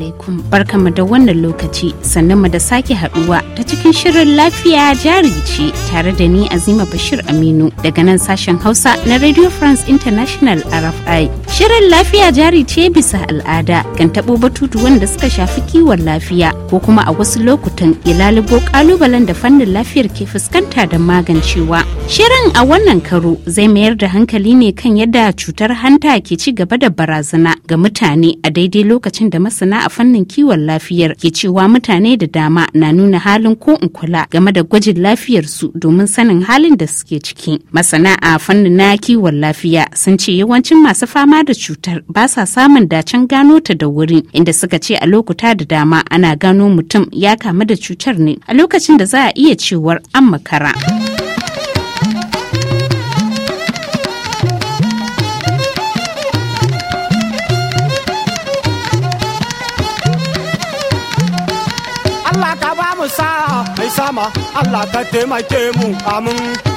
alaikum barkamu da wannan lokaci sannan mu da sake haduwa ta cikin shirin lafiya jari ce tare da ni Azima Bashir Aminu daga nan sashen Hausa na Radio France International RFI. Shirin lafiya jari ce bisa al'ada kan tabo batutu wanda suka shafi kiwon lafiya ko kuma a wasu lokutan ilalibo kalubalen da fannin lafiyar ke fuskanta da magancewa. Shirin a wannan karo zai mayar da hankali ne kan yadda cutar hanta ke ci gaba da barazana ga mutane a daidai lokacin da masana a fannin kiwon lafiyar ke cewa mutane da dama na nuna halin ko in kula game da gwajin lafiyarsu domin sanin halin da suke ciki. Masana a fannin na kiwon lafiya sun ce yawancin masu fama da cutar ba sa samun dacen gano ta da wuri inda suka ce a lokuta da dama ana gano mutum ya kamu da cutar ne a lokacin da za a iya cewar an makara. Allah ka taimake mu amin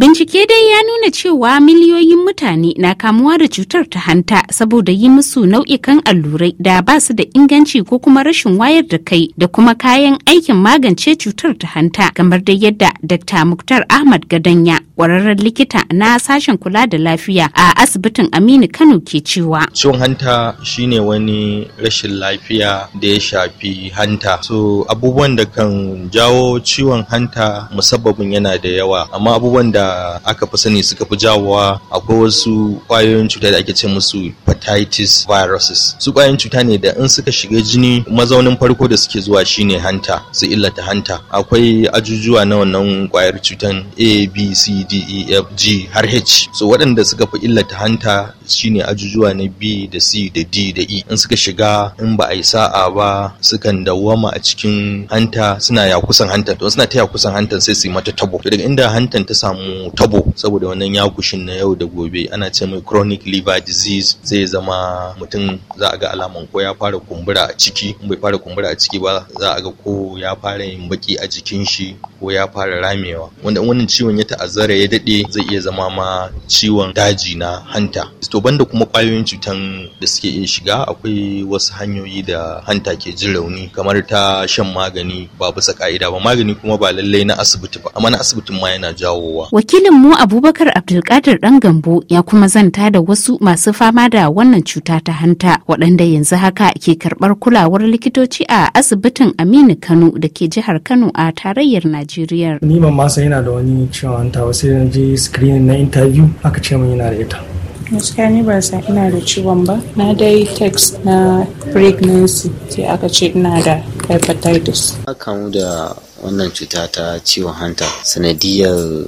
Bincike dai ya nuna cewa miliyoyin mutane na kamuwa da cutar ta hanta saboda yi musu nau'ikan allurai da ba su da inganci ko kuma rashin wayar da kai da kuma kayan aikin magance cutar ta hanta kamar da yadda Dr. Muktar Ahmad Gadanya kwararren likita na sashen kula da lafiya a asibitin Aminu Kano ke cewa. Ciwon hanta shine wani rashin lafiya da ya shafi hanta. So abubuwan da kan jawo ciwon hanta musabbabin yana da yawa amma abubuwan da aka fi sani suka fi jawowa akwai wasu kwayoyin cuta da ake ce musu hepatitis viruses su ƙwayoyin cuta ne da in suka shiga jini mazaunin farko da suke zuwa shine hanta su illata hanta akwai ajujuwa na wannan ƙwayar cutan a b c d e f g har h so waɗanda suka fi illata hanta shine ajujuwa na B da C da D da E in suka shiga in ba a yi sa'a ba sukan dawwama a cikin hanta suna ya kusan hanta to suna ta ya kusan hanta sai su yi mata tabo to daga inda hantan ta samu tabo saboda wannan ya kushin na yau da gobe ana ce mai chronic liver disease zai zama mutum za a ga alaman ko ya fara kumbura a ciki in bai fara kumbura a ciki ba za a ga ko ya fara yin baki a jikin shi ko ya fara ramewa wanda wannan ciwon ya ta'azzara ya dade zai iya zama ma ciwon daji na hanta to banda kuma kwayoyin cutan da suke iya shiga akwai wasu hanyoyi da hanta ke jin rauni kamar ta shan magani ba bisa ka'ida ba magani kuma ba lallai na asibiti ba amma na asibitin ma yana jawowa wakilin mu abubakar abdulkadir dan gambo ya kuma zanta da wasu masu fama da wannan cuta ta hanta waɗanda yanzu haka ke karɓar kulawar likitoci a asibitin aminu kano da ke jihar kano a tarayyar najeriya ni ban ma yana da wani ciwon hanta ba sai na je screening na interview aka ce min yana da ita gaskiya ni ban ina da ciwon ba na dai text na pregnancy sai aka ce ina da hepatitis kamu da wannan cuta ta ciwon hanta sanadiyar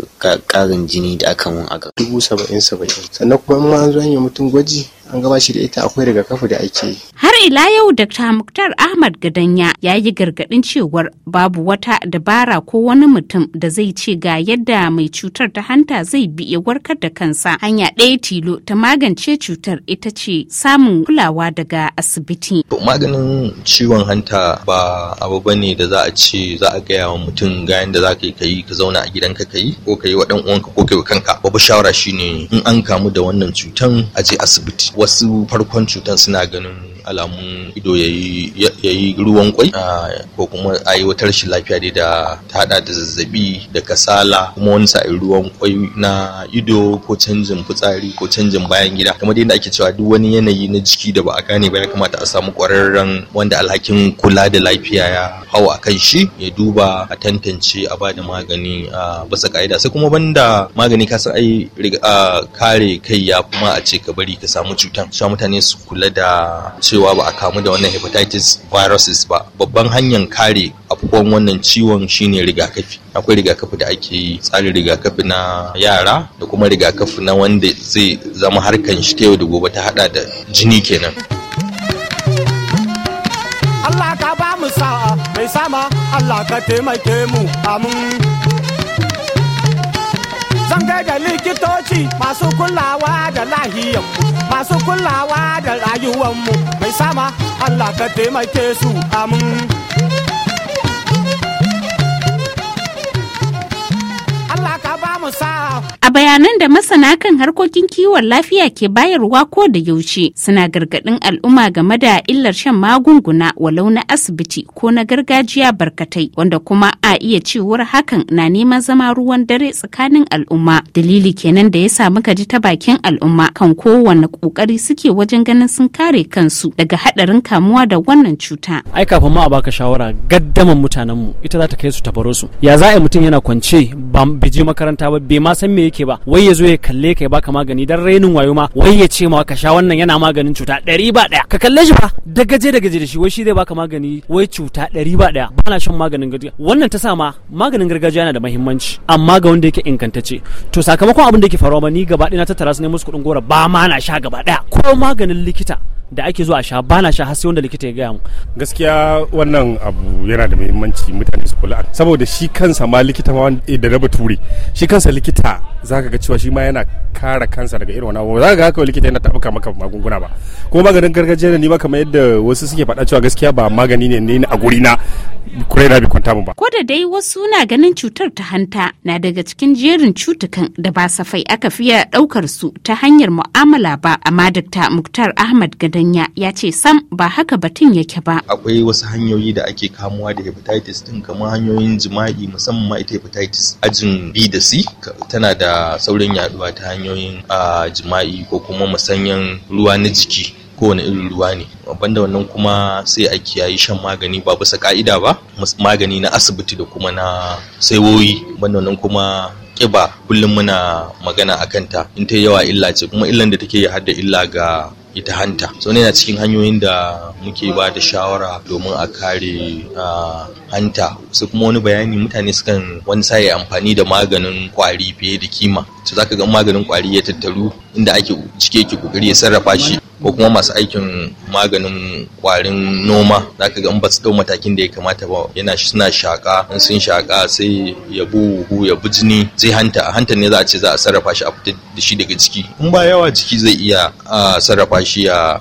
karin jini da aka mun a dubu saba'in saba'in sannan kuma ma an zo yi mutum gwaji an shi da ita akwai rigakafi da ake yi. Har ila yau Dr. Muktar Ahmad Gadanya ya yi gargaɗin cewar babu wata dabara ko wani mutum da zai ce ga yadda mai cutar ta hanta zai bi ya warkar da kansa. Hanya ɗaya tilo ta magance cutar ita ce samun kulawa daga asibiti. Maganin ciwon hanta ba abu ne da za a ce za a gaya wa mutum ga yadda za ka yi ka zauna a gidanka ka yi ko ka yi wa ɗan uwanka ko ka yi wa kanka. Babu shawara shine in an kamu da wannan cutan a je asibiti. wasu farkon cutar suna ganin alamun ido ya yi ruwan kwai ah, ko kuma a yi wata rashin lafiya dai da ta hada da zazzabi da kasala kuma wani sa'in ruwan kwai na ido ko canjin fitsari ko canjin bayan gida kamar dai da ake cewa duk wani yanayi na jiki da ba a gane ba ya kamata a samu kwararren wanda alhakin kula da lafiya ya hau a kan shi ya duba a tantance a bada magani a bisa ka'ida sai kuma banda magani ka ai ah, kare kai ya kuma a ce ka bari ka samu cuta cutan cewa mutane su kula da cewa ba a kamu da wannan hepatitis viruses ba babban hanyar kare afkuwan wannan ciwon shine rigakafi akwai rigakafi da ake yi tsarin rigakafi na yara da kuma rigakafi na wanda zai zama harkan shi ta yau da gobe ta hada da jini kenan Allah ka ba mu sa'a mai sama Allah ka taimake mu amin zanga da likitoci masu kulawa da lahiyar masu kulawa da rayuwar mu mai sama Allah ka taimake su amin A bayanan da masana kan harkokin kiwon lafiya ke bayarwa ko da yaushe suna gargaɗin al'umma game da illar shan magunguna walau na asibiti ko na gargajiya barkatai wanda kuma a iya cewar hakan na neman zama ruwan dare tsakanin al'umma. Dalili kenan da ya samu muka ji ta bakin al'umma kan kowane ƙoƙari suke wajen ganin sun kare kansu daga haɗarin kamuwa da wannan cuta. Ai kafin ma a baka shawara gaddaman mutanenmu ita za ta kai su tabaro su. Ya za mutum yana kwance ba biji makaranta ba bai ma san me yake ba wai ya zo ya kalle ka ya baka magani dan rainin wayo ma wai ya ce ma ka sha wannan yana maganin cuta ɗari ba ɗaya ka kalle shi fa da gaje da gaje da shi wai shi zai baka magani wai cuta ɗari ba ɗaya ba na shan maganin gargajiya wannan ta sa ma maganin gargajiya yana da mahimmanci amma ga wanda yake inkantace to sakamakon abin da yake faruwa ma ni gaba ɗaya na tattara su ne musu kuɗin gora ba ma na sha gaba ɗaya ko maganin likita da ake zuwa sha ba na sha har sai wanda likita ya gaya mu gaskiya wannan abu yana da muhimmanci mutane su kula saboda shi kansa ma likita ma eh, da na bature shi kansa likita zaka ga cewa shi ma yana kara kansa daga irin wannan abu zaka ga haka likita yana tabuka maka magunguna ba kuma maganin gargajiya ne ba kamar yadda wasu suke faɗa cewa gaskiya ba magani ne ne a guri na kurai na kwanta mu ba. Ko da dai wasu na ganin cutar ta hanta na daga cikin jerin cutukan da ba safai aka fiye daukar su ta hanyar mu'amala ba amma dakta Muktar Ahmad Gadanya ya ce sam ba haka batun yake ba. Akwai wasu hanyoyi da ake kamuwa da hepatitis din kamar hanyoyin jima'i musamman ma ita hepatitis ajin B da C tana da saurin yaduwa ta hanyoyin ah, jima'i ko kuma musanyen ruwa na jiki kowane irin ruwa ne babban da wannan kuma sai a kiyayi shan magani ba bisa ka'ida ba magani na asibiti da kuma na saiwoyi banda wannan kuma ƙiba kullum muna magana a kanta. in ta yawa illa ce kuma illan da take hadda illa ga ita hanta so yana cikin hanyoyin da muke ba da shawara domin a kare hanta su kuma wani bayani mutane sukan wani sai amfani da maganin kwari fiye da kima to zaka ga maganin kwari ya tattaru inda ake cike ke kokari ya sarrafa shi ko kuma masu aikin maganin kwarin noma za ka ga in ba su dau matakin da ya kamata ba yana suna shaka in sun shaka sai ya bu hu ya bu jini zai hanta hanta ne za a ce za a sarrafa shi a fitar da shi daga jiki. in ba yawa ciki zai iya sarrafa shi ya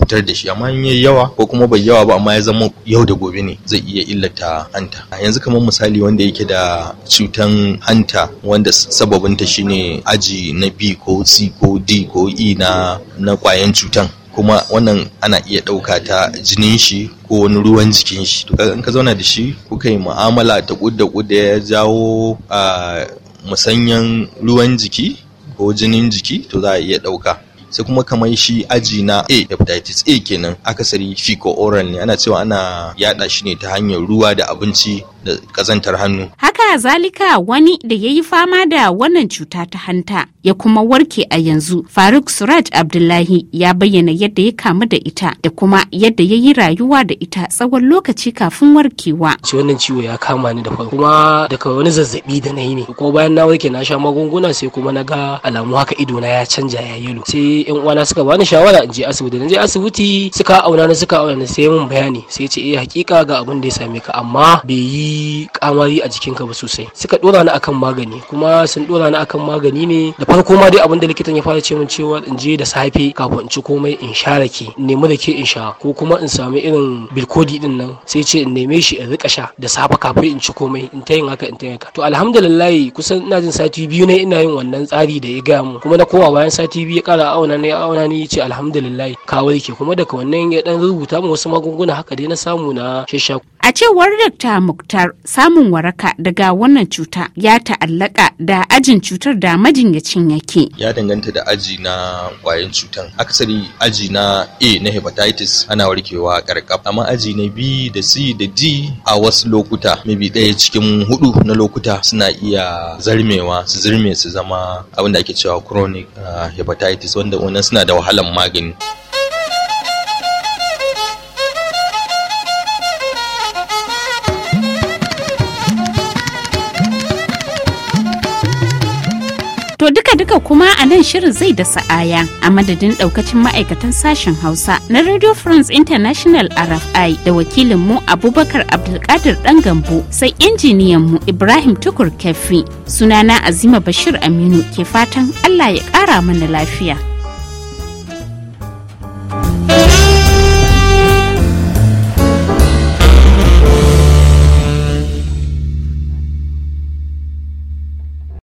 fitar da shi amma in yayi yawa ko kuma bai yawa ba amma ya zama yau da gobe ne zai iya illata hanta a yanzu kamar misali wanda yake da cutan hanta wanda sababinta shine aji na B ko C ko D ko E na na kwayan cutan kuma wannan ana iya ɗauka ta jinin shi ko wani ruwan jikin shi to in ka zauna da shi kuka yi mu'amala ta kudda kudda ya jawo a musanyan ruwan jiki ko jinin jiki to za a iya ɗauka sai kuma kamar shi aji na A hepatitis A kenan akasari fico oral ne ana cewa ana yada shi ne ta hanyar ruwa da abinci da kazantar hannu. Haka zalika wani da ya yi fama da wannan cuta ta hanta ya kuma warke a yanzu. Faruk Suraj Abdullahi ya bayyana yadda ya kamu da ita da kuma yadda ya yi rayuwa da ita tsawon lokaci kafin warkewa. Ci wannan ciwo ya kama ni da farko kuma daga wani zazzabi da na yi ne. Ko bayan na warke na sha magunguna sai kuma na ga alamu haka ido na ya canja ya yi. Sai yan uwana suka bani shawara in je asibiti. Na je asibiti suka auna ni suka auna na sai mun bayani sai ce eh hakika ga abin da ya same ka amma bai yi kamari a jikin ka ba sosai suka dora ni akan magani kuma sun dora ni akan magani ne da farko ma dai abin da likitan ya fara ce min cewa in je da safe kafin in ci komai in sha rake in nemi rake in sha ko kuma in samu irin bilkodi din nan sai ce in neme shi in rika sha da safe kafin in ci komai in ta yin haka in ta yin haka to alhamdulillah kusan ina jin sati biyu ne ina yin wannan tsari da ya gaya mu kuma na kowa bayan sati biyu ya kara auna ne auna ne ya ce alhamdulillah ka warke kuma daga wannan ya dan rubuta mu wasu magunguna haka dai na samu na shashaku A cewar Dr. Muktar samun waraka daga wannan cuta ya ta'allaka da ajin cutar da majinyacin yake. Ya danganta da aji na kwayan cutan. Akasari aji na A na hepatitis ana warkewa karkab amma aji na B da C da D a wasu lokuta maybe ɗaya cikin hudu na lokuta suna iya zarmewa su zarme su zama abin da ake cewa chronic ah, hepatitis wanda wannan suna da wahalan magani. duka kuma a nan shirin zai da sa'aya a madadin daukacin ma'aikatan sashen Hausa na Radio France International RFI da wakilin mu Abubakar Abdulkadir dan Gambo sai injiniyan mu Ibrahim Tukur Kefi sunana Azima Bashir Aminu ke fatan Allah ya kara mana lafiya.